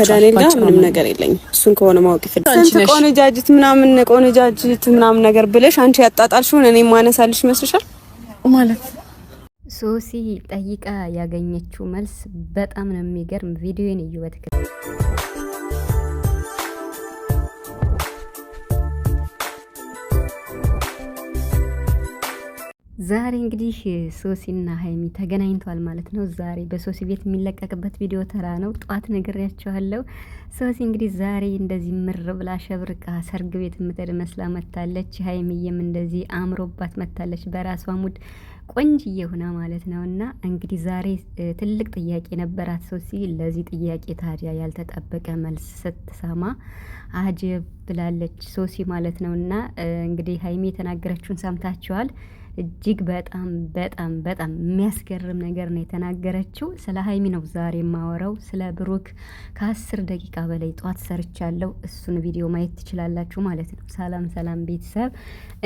ከዳንኤል ጋር ምንም ነገር የለኝም። እሱን ከሆነ ማወቅ ይፈልጋል። ቆነጃጅት ምናምን ቆነጃጅት ምናምን ነገር ብለሽ አንቺ ያጣጣልሽውን እኔ ማነሳልሽ ይመስልሻል? ማለት ሶሲ ጠይቃ ያገኘችው መልስ በጣም ነው የሚገርም። ቪዲዮን እዩ በትክክል ዛሬ እንግዲህ ሶሲና ሀይሚ ተገናኝተዋል ማለት ነው። ዛሬ በሶሲ ቤት የሚለቀቅበት ቪዲዮ ተራ ነው። ጧት ነግሬያቸዋለሁ። ሶሲ እንግዲህ ዛሬ እንደዚህ ምር ብላ ሸብርቃ ሰርግ ቤት የምትሄድ መስላ መታለች። ሀይሚዬም እንደዚህ አምሮባት መታለች። በራሷ ሙድ ቆንጅዬ ሆና ማለት ነው። እና እንግዲህ ዛሬ ትልቅ ጥያቄ ነበራት ሶሲ። ለዚህ ጥያቄ ታዲያ ያልተጠበቀ መልስ ስትሰማ አጀብ ብላለች ሶሲ ማለት ነው። እና እንግዲህ ሀይሚ የተናገረችውን ሰምታችኋል። እጅግ በጣም በጣም በጣም የሚያስገርም ነገር ነው የተናገረችው። ስለ ሀይሚ ነው ዛሬ የማወራው። ስለ ብሩክ ከአስር ደቂቃ በላይ ጧት ሰርቻለሁ። እሱን ቪዲዮ ማየት ትችላላችሁ ማለት ነው። ሰላም ሰላም ቤተሰብ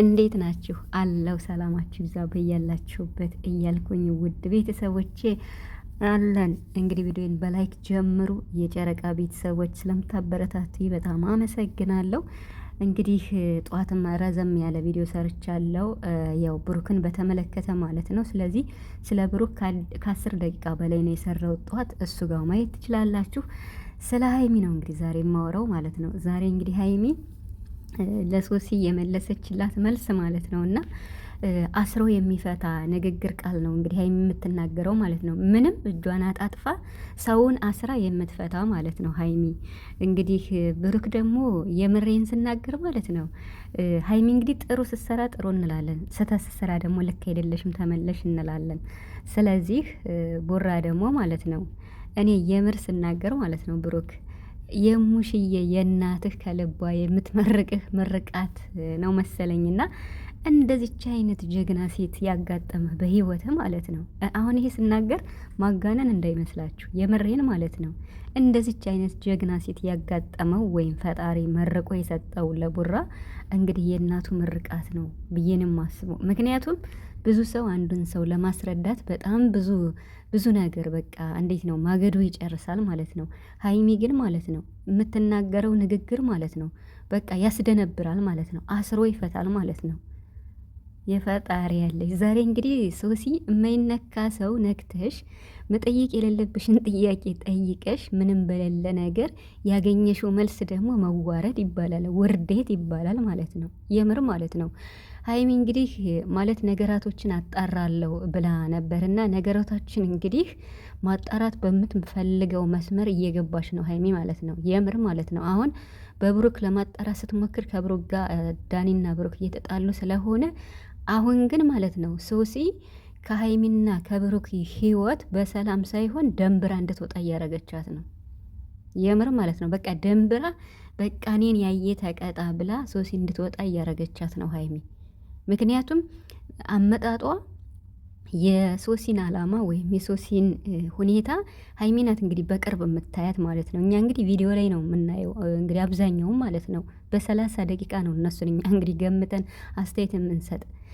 እንዴት ናችሁ? አለው ሰላማችሁ ይብዛ በያላችሁበት እያልኩኝ ውድ ቤተሰቦቼ አለን እንግዲህ ቪዲዮን በላይክ ጀምሩ። የጨረቃ ቤተሰቦች ስለምታበረታቱ በጣም አመሰግናለሁ። እንግዲህ ጠዋትም ረዘም ያለ ቪዲዮ ሰርቻለው፣ ያው ብሩክን በተመለከተ ማለት ነው። ስለዚህ ስለ ብሩክ ከአስር ደቂቃ በላይ ነው የሰራው ጠዋት፣ እሱ ጋር ማየት ትችላላችሁ። ስለ ሀይሚ ነው እንግዲህ ዛሬ የማወራው ማለት ነው። ዛሬ እንግዲህ ሀይሚ ለሶሲ የመለሰችላት መልስ ማለት ነው እና አስሮ የሚፈታ ንግግር ቃል ነው እንግዲህ ሀይሚ የምትናገረው ማለት ነው። ምንም እጇን አጣጥፋ ሰውን አስራ የምትፈታ ማለት ነው ሀይሚ። እንግዲህ ብሩክ ደግሞ የምሬን ስናገር ማለት ነው ሀይሚ እንግዲህ ጥሩ ስትሰራ ጥሩ እንላለን፣ ስህተት ስትሰራ ደግሞ ልክ አይደለሽም ተመለሽ እንላለን። ስለዚህ ቦራ ደግሞ ማለት ነው እኔ የምር ስናገር ማለት ነው ብሩክ የሙሽዬ የእናትህ ከልቧ የምትመርቅህ ምርቃት ነው መሰለኝና እንደዚች አይነት ጀግና ሴት ያጋጠመህ በህይወትህ ማለት ነው። አሁን ይሄ ስናገር ማጋነን እንዳይመስላችሁ የምሬን ማለት ነው። እንደዚች አይነት ጀግና ሴት ያጋጠመው ወይም ፈጣሪ መርቆ የሰጠው ለቡራ እንግዲህ የእናቱ ምርቃት ነው ብዬንም አስበው። ምክንያቱም ብዙ ሰው አንዱን ሰው ለማስረዳት በጣም ብዙ ብዙ ነገር በቃ እንዴት ነው ማገዶ ይጨርሳል ማለት ነው። ሀይሚ ግን ማለት ነው የምትናገረው ንግግር ማለት ነው በቃ ያስደነብራል ማለት ነው። አስሮ ይፈታል ማለት ነው። የፈጣሪ ያለሽ ዛሬ እንግዲህ ሶሲ የማይነካ ሰው ነክተሽ መጠየቅ የሌለብሽን ጥያቄ ጠይቀሽ ምንም በሌለ ነገር ያገኘሽው መልስ ደግሞ መዋረድ ይባላል፣ ውርዴት ይባላል ማለት ነው። የምር ማለት ነው። ሀይሚ እንግዲህ ማለት ነገራቶችን አጣራለሁ ብላ ነበርና ነገራቶችን እንግዲህ ማጣራት በምትፈልገው መስመር እየገባሽ ነው ሀይሚ ማለት ነው። የምር ማለት ነው። አሁን በብሩክ ለማጣራት ስትሞክር ከብሩክ ጋር ዳኒና ብሩክ እየተጣሉ ስለሆነ አሁን ግን ማለት ነው ሶሲ ከሀይሚና ከብሩክ ህይወት በሰላም ሳይሆን ደንብራ እንድትወጣ እያደረገቻት ነው። የምር ማለት ነው በቃ ደንብራ በቃ እኔን ያየ ተቀጣ ብላ ሶሲ እንድትወጣ እያደረገቻት ነው ሀይሚ። ምክንያቱም አመጣጧ የሶሲን አላማ ወይም የሶሲን ሁኔታ ሀይሚ ናት እንግዲህ በቅርብ የምታያት ማለት ነው። እኛ እንግዲህ ቪዲዮ ላይ ነው የምናየው እንግዲህ አብዛኛውም ማለት ነው። በሰላሳ ደቂቃ ነው እነሱን እኛ እንግዲህ ገምተን አስተያየት የምንሰጥ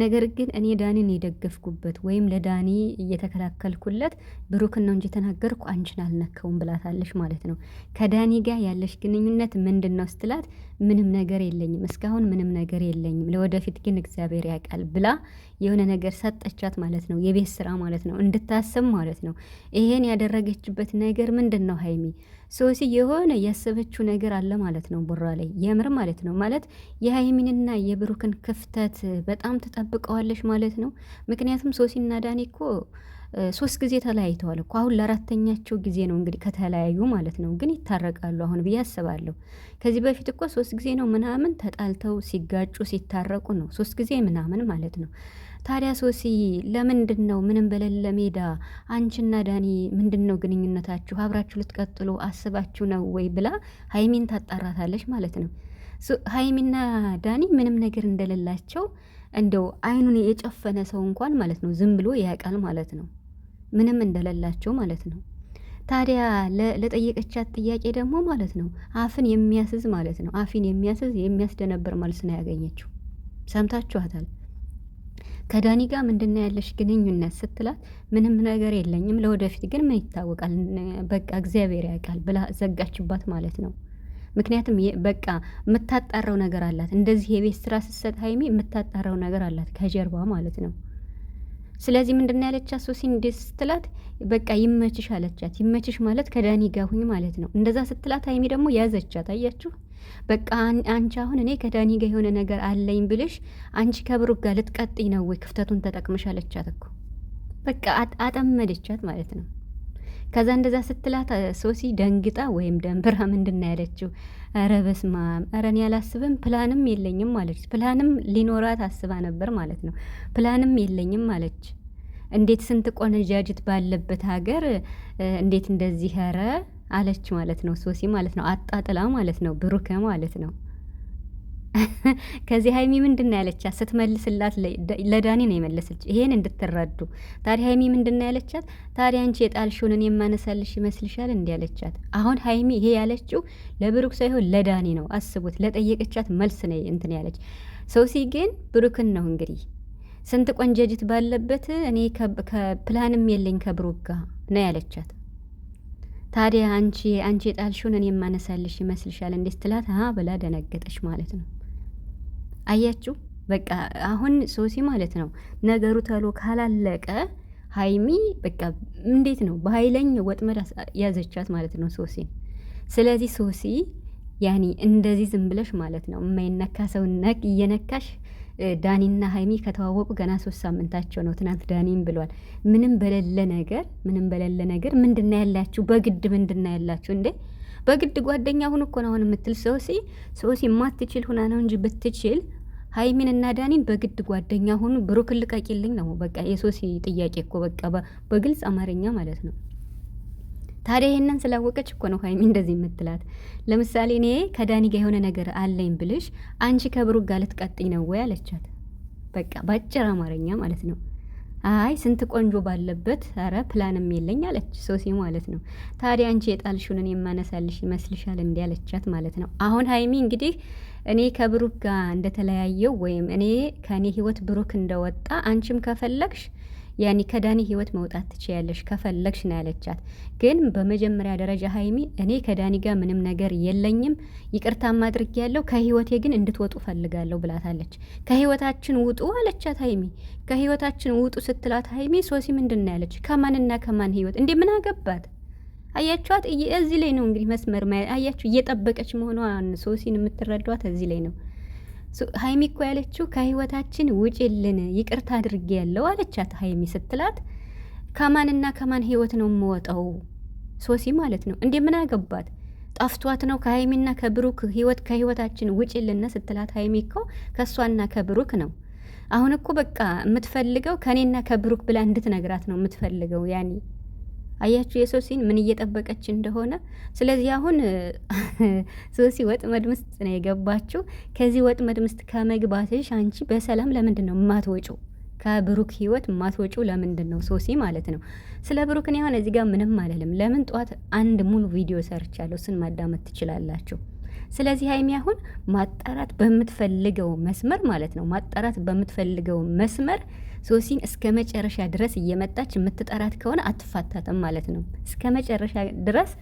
ነገር ግን እኔ ዳኒን የደገፍኩበት ወይም ለዳኒ እየተከላከልኩለት ብሩክን ነው እንጂ ተናገርኩ አንቺን አልነከውም ብላታለሽ ማለት ነው። ከዳኒ ጋር ያለሽ ግንኙነት ምንድን ነው ስትላት ምንም ነገር የለኝም እስካሁን ምንም ነገር የለኝም፣ ለወደፊት ግን እግዚአብሔር ያውቃል ብላ የሆነ ነገር ሰጠቻት ማለት ነው። የቤት ስራ ማለት ነው እንድታስብ ማለት ነው። ይሄን ያደረገችበት ነገር ምንድን ነው ሀይሚ ሶሲ የሆነ ያሰበችው ነገር አለ ማለት ነው። ቡራ ላይ የምር ማለት ነው ማለት የሀይሚንና የብሩክን ክፍተት በጣም ተጠ ትጠብቀዋለሽ ማለት ነው። ምክንያቱም ሶሲና ዳኒ እኮ ሶስት ጊዜ ተለያይተዋል እኮ አሁን ለአራተኛቸው ጊዜ ነው እንግዲህ ከተለያዩ ማለት ነው። ግን ይታረቃሉ አሁን ብዬ አስባለሁ። ከዚህ በፊት እኮ ሶስት ጊዜ ነው ምናምን ተጣልተው ሲጋጩ ሲታረቁ ነው ሶስት ጊዜ ምናምን ማለት ነው። ታዲያ ሶሲ ለምንድን ነው ምንም በሌለ ሜዳ አንቺና ዳኒ ምንድን ነው ግንኙነታችሁ? አብራችሁ ልትቀጥሉ አስባችሁ ነው ወይ ብላ ሀይሚን ታጣራታለች ማለት ነው። ሀይሚና ዳኒ ምንም ነገር እንደሌላቸው እንደው አይኑን የጨፈነ ሰው እንኳን ማለት ነው ዝም ብሎ ያውቃል ማለት ነው፣ ምንም እንደሌላቸው ማለት ነው። ታዲያ ለጠየቀቻት ጥያቄ ደግሞ ማለት ነው አፍን የሚያስዝ ማለት ነው አፊን የሚያስዝ የሚያስደነብር መልስ ነው ያገኘችው። ሰምታችኋታል። ከዳኒ ጋር ምንድን ያለሽ ግንኙነት ስትላት ምንም ነገር የለኝም፣ ለወደፊት ግን ምን ይታወቃል፣ በቃ እግዚአብሔር ያውቃል ብላ ዘጋችባት ማለት ነው። ምክንያቱም በቃ የምታጣራው ነገር አላት። እንደዚህ የቤት ስራ ስትሰጥ ሀይሜ የምታጣራው ነገር አላት ከጀርባ ማለት ነው። ስለዚህ ምንድን ያለቻት ሶሲን እንዴት ስትላት በቃ ይመችሽ አለቻት። ይመችሽ ማለት ከዳኒ ጋር ሁኝ ማለት ነው። እንደዛ ስትላት ሀይሜ ደግሞ ያዘቻት። አያችሁ በቃ አንቺ አሁን እኔ ከዳኒ ጋር የሆነ ነገር አለኝ ብልሽ አንቺ ከብሩክ ጋር ልትቀጥኝ ነው ወይ ክፍተቱን ተጠቅመሽ አለቻት እኮ በቃ አጠመደቻት ማለት ነው። ከዛ እንደዛ ስትላት ሶሲ ደንግጣ ወይም ደንብራ ምንድን ነው ያለችው? ኧረ በስመ አብ ኧረ እኔ አላስብም ፕላንም የለኝም ማለች። ፕላንም ሊኖራት አስባ ነበር ማለት ነው። ፕላንም የለኝም ማለች። እንዴት ስንት ቆነጃጅት ባለበት ሀገር እንዴት እንደዚህ ኧረ አለች ማለት ነው። ሶሲ ማለት ነው አጣጥላ ማለት ነው ብሩከ ማለት ነው። ከዚህ ሀይሚ ምንድን ነው ያለቻት ስትመልስላት ለዳኒ ነው የመለሰች። ይሄን እንድትረዱ ታዲያ ሀይሚ ምንድን ነው ያለቻት ታዲያ አንቺ የጣልሽውን እኔ የማነሳልሽ ይመስልሻል? እንዲህ ያለቻት። አሁን ሀይሚ ይሄ ያለችው ለብሩክ ሳይሆን ለዳኒ ነው። አስቡት፣ ለጠየቀቻት መልስ ነው እንትን ያለች። ሰውሲ ግን ብሩክን ነው እንግዲህ ስንት ቆንጀጅት ባለበት እኔ ከፕላንም የለኝ ከብሩክ ጋር ነው ያለቻት። ታዲያ አንቺ አንቺ የጣልሽውን እኔ የማነሳልሽ ይመስልሻል እንዴት ትላት? ብላ ደነገጠች ማለት ነው። አያችሁ። በቃ አሁን ሶሲ ማለት ነው ነገሩ ተሎ ካላለቀ ሀይሚ በቃ እንዴት ነው በሀይለኛ ወጥመድ ያዘቻት ማለት ነው ሶሲ ስለዚህ ሶሲ ያኒ እንደዚህ ዝም ብለሽ ማለት ነው የማይነካ ሰው ነቅ እየነካሽ ዳኒና ሀይሚ ከተዋወቁ ገና ሶስት ሳምንታቸው ነው። ትናንት ዳኒም ብሏል ምንም በሌለ ነገር ምንም በሌለ ነገር ምንድና ያላችሁ በግድ ምንድና ያላችሁ እንዴ በግድ ጓደኛ ሁን እኮ ነው አሁን የምትል ሶሲ ሶሲ ማትችል ሁና ነው እንጂ ብትችል ሀይሚን እና ዳኒን በግድ ጓደኛ ሁኑ፣ ብሩክ ልቀቂልኝ ነው በቃ የሶሲ ጥያቄ እኮ በቃ በግልጽ አማርኛ ማለት ነው። ታዲያ ይህንን ስላወቀች እኮ ነው ሀይሚ እንደዚህ የምትላት። ለምሳሌ እኔ ከዳኒ ጋር የሆነ ነገር አለኝ ብልሽ አንቺ ከብሩክ ጋር ልትቀጥኝ ነው ወይ አለቻት። በቃ በአጭር አማርኛ ማለት ነው። አይ ስንት ቆንጆ ባለበት ኧረ ፕላንም የለኝ አለች ሶሲ ማለት ነው። ታዲያ አንቺ የጣልሽውን እኔ የማነሳልሽ ይመስልሻል? እንዲ ያለቻት ማለት ነው። አሁን ሀይሚ እንግዲህ እኔ ከብሩክ ጋር እንደተለያየው ወይም እኔ ከእኔ ህይወት ብሩክ እንደወጣ አንቺም ከፈለግሽ ያኔ ከዳኒ ህይወት መውጣት ትችያለሽ ከፈለግሽ ነው ያለቻት። ግን በመጀመሪያ ደረጃ ሀይሚ እኔ ከዳኒ ጋር ምንም ነገር የለኝም፣ ይቅርታ ይቅርታም ያለው ከህይወቴ ግን እንድትወጡ ፈልጋለሁ ብላታለች። ከህይወታችን ውጡ አለቻት ሀይሚ። ከህይወታችን ውጡ ስትላት ሀይሚ ሶሲ ምንድን ነው ያለች? ከማንና ከማን ህይወት እንዴ ምን አገባት? አያችኋት? እዚህ ላይ ነው እንግዲህ መስመር ማያ አያችሁ፣ እየጠበቀች መሆኗን ሶሲን የምትረዷት እዚህ ላይ ነው። ሀይሚ እኮ ያለችው ከህይወታችን ውጭልን ይቅርታ አድርጌ ያለው አለቻት። ሀይሚ ስትላት ከማንና ከማን ህይወት ነው የምወጣው? ሶሲ ማለት ነው እንዴ ምን አገባት? ጠፍቷት ነው ከሀይሚና ከብሩክ ህይወት ከህይወታችን ውጭልን ስትላት ሀይሚ እኮ ከእሷና ከብሩክ ነው አሁን እኮ በቃ የምትፈልገው ከእኔና ከብሩክ ብላ እንድትነግራት ነው የምትፈልገው ያኔ አያችሁ የሶሲን ምን እየጠበቀች እንደሆነ። ስለዚህ አሁን ሶሲ ወጥመድ ውስጥ ነው የገባችው። ከዚህ ወጥመድ ውስጥ ከመግባትሽ አንቺ በሰላም ለምንድን ነው የማትወጪው? ከብሩክ ህይወት ማትወጪው ለምንድን ነው ሶሲ ማለት ነው? ስለ ብሩክ እኔ አሁን እዚህ ጋር ምንም አልልም። ለምን ጠዋት አንድ ሙሉ ቪዲዮ ሰርቻለሁ፣ ስን ማዳመጥ ትችላላችሁ። ስለዚህ ሀይሚ አሁን ማጣራት በምትፈልገው መስመር ማለት ነው ማጣራት በምትፈልገው መስመር ሶሲን እስከ መጨረሻ ድረስ እየመጣች የምትጠራት ከሆነ አትፋታትም ማለት ነው። እስከ መጨረሻ ድረስ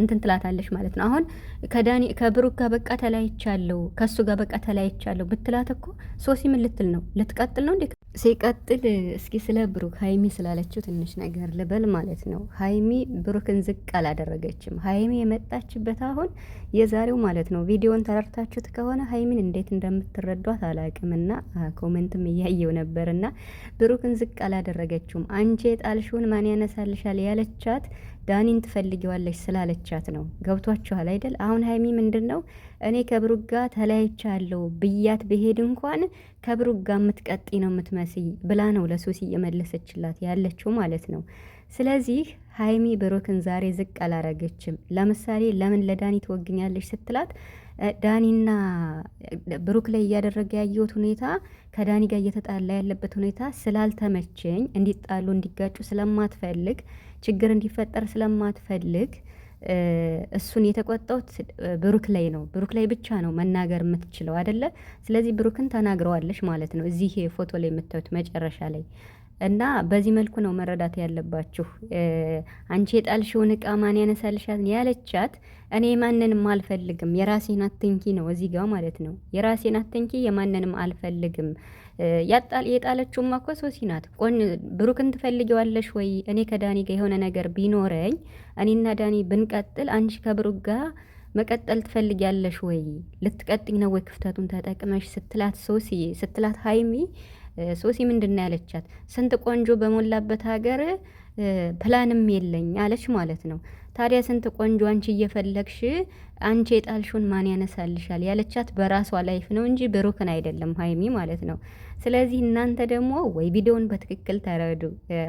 እንትን ትላታለች ማለት ነው። አሁን ከዳኒ ከብሩክ ጋር በቃ ተለያይቻለሁ፣ ከእሱ ጋር በቃ ተለያይቻለሁ ብትላት እኮ ሶሲ ምን ልትል ነው? ልትቀጥል ነው እንዴ? ሲቀጥል እስኪ ስለ ብሩክ ሀይሚ ስላለችው ትንሽ ነገር ልበል ማለት ነው። ሀይሚ ብሩክን ዝቅ አላደረገችም። ሀይሚ የመጣችበት አሁን የዛሬው ማለት ነው። ቪዲዮን ተረድታችሁት ከሆነ ሀይሚን እንዴት እንደምትረዷት አላቅምና ኮሜንትም እያየው ነበርና ብሩክን ዝቅ አላደረገችውም። አንቺ የጣልሽውን ማን ያነሳልሻል ያለቻት ዳኒን ትፈልጊዋለች ስላለቻት ነው። ገብቷችኋል አይደል? አሁን ሀይሚ ምንድን ነው እኔ ከብሩክ ጋር ተለያይቻለሁ ብያት ብሄድ እንኳን ከብሩክ ጋር ነው የምትመ አስይ ብላ ነው ለሶሲ እየመለሰችላት ያለችው ማለት ነው። ስለዚህ ሀይሚ ብሩክን ዛሬ ዝቅ አላረገችም። ለምሳሌ ለምን ለዳኒ ትወግኛለች ስትላት ዳኒና ብሩክ ላይ እያደረገ ያየሁት ሁኔታ ከዳኒ ጋር እየተጣላ ያለበት ሁኔታ ስላልተመቸኝ እንዲጣሉ እንዲጋጩ ስለማትፈልግ ችግር እንዲፈጠር ስለማትፈልግ እሱን የተቆጣሁት ብሩክ ላይ ነው። ብሩክ ላይ ብቻ ነው መናገር የምትችለው አደለ? ስለዚህ ብሩክን ተናግረዋለች ማለት ነው እዚህ ፎቶ ላይ የምታዩት መጨረሻ ላይ እና በዚህ መልኩ ነው መረዳት ያለባችሁ። አንቺ የጣልሽውን እቃ ማን ያነሳልሻል ያለቻት፣ እኔ ማንንም አልፈልግም የራሴን አትንኪ ነው እዚህ ጋር ማለት ነው። የራሴን አትንኪ የማንንም አልፈልግም የጣለችውማ እኮ ሶሲ ናት። ቆን ብሩክን ትፈልጊዋለሽ ወይ? እኔ ከዳኒ ጋር የሆነ ነገር ቢኖረኝ እኔና ዳኒ ብንቀጥል፣ አንቺ ከብሩክ ጋር መቀጠል ትፈልጊያለሽ ወይ? ልትቀጥኝ ነው ወይ? ክፍተቱን ተጠቅመሽ ስትላት ሶሲ ስትላት ሀይሚ ሶሲ ምንድን ያለቻት? ስንት ቆንጆ በሞላበት ሀገር ፕላንም የለኝ አለች ማለት ነው። ታዲያ ስንት ቆንጆ አንቺ እየፈለግሽ አንቺ የጣልሽውን ማን ያነሳልሻል ያለቻት በራሷ ላይፍ ነው እንጂ ብሩክን አይደለም ሀይሚ ማለት ነው። ስለዚህ እናንተ ደግሞ ወይ ቪዲዮውን በትክክል ተረዱ።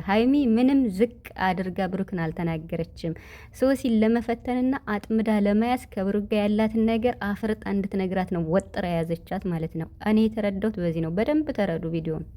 ሀይሚ ምንም ዝቅ አድርጋ ብሩክን አልተናገረችም። ሶሲን ለመፈተንና አጥምዳ ለመያዝ ከብሩክ ጋር ያላትን ነገር አፍርጣ እንድትነግራት ነው ወጥራ የያዘቻት ማለት ነው። እኔ የተረዳሁት በዚህ ነው። በደንብ ተረዱ ቪዲዮውን።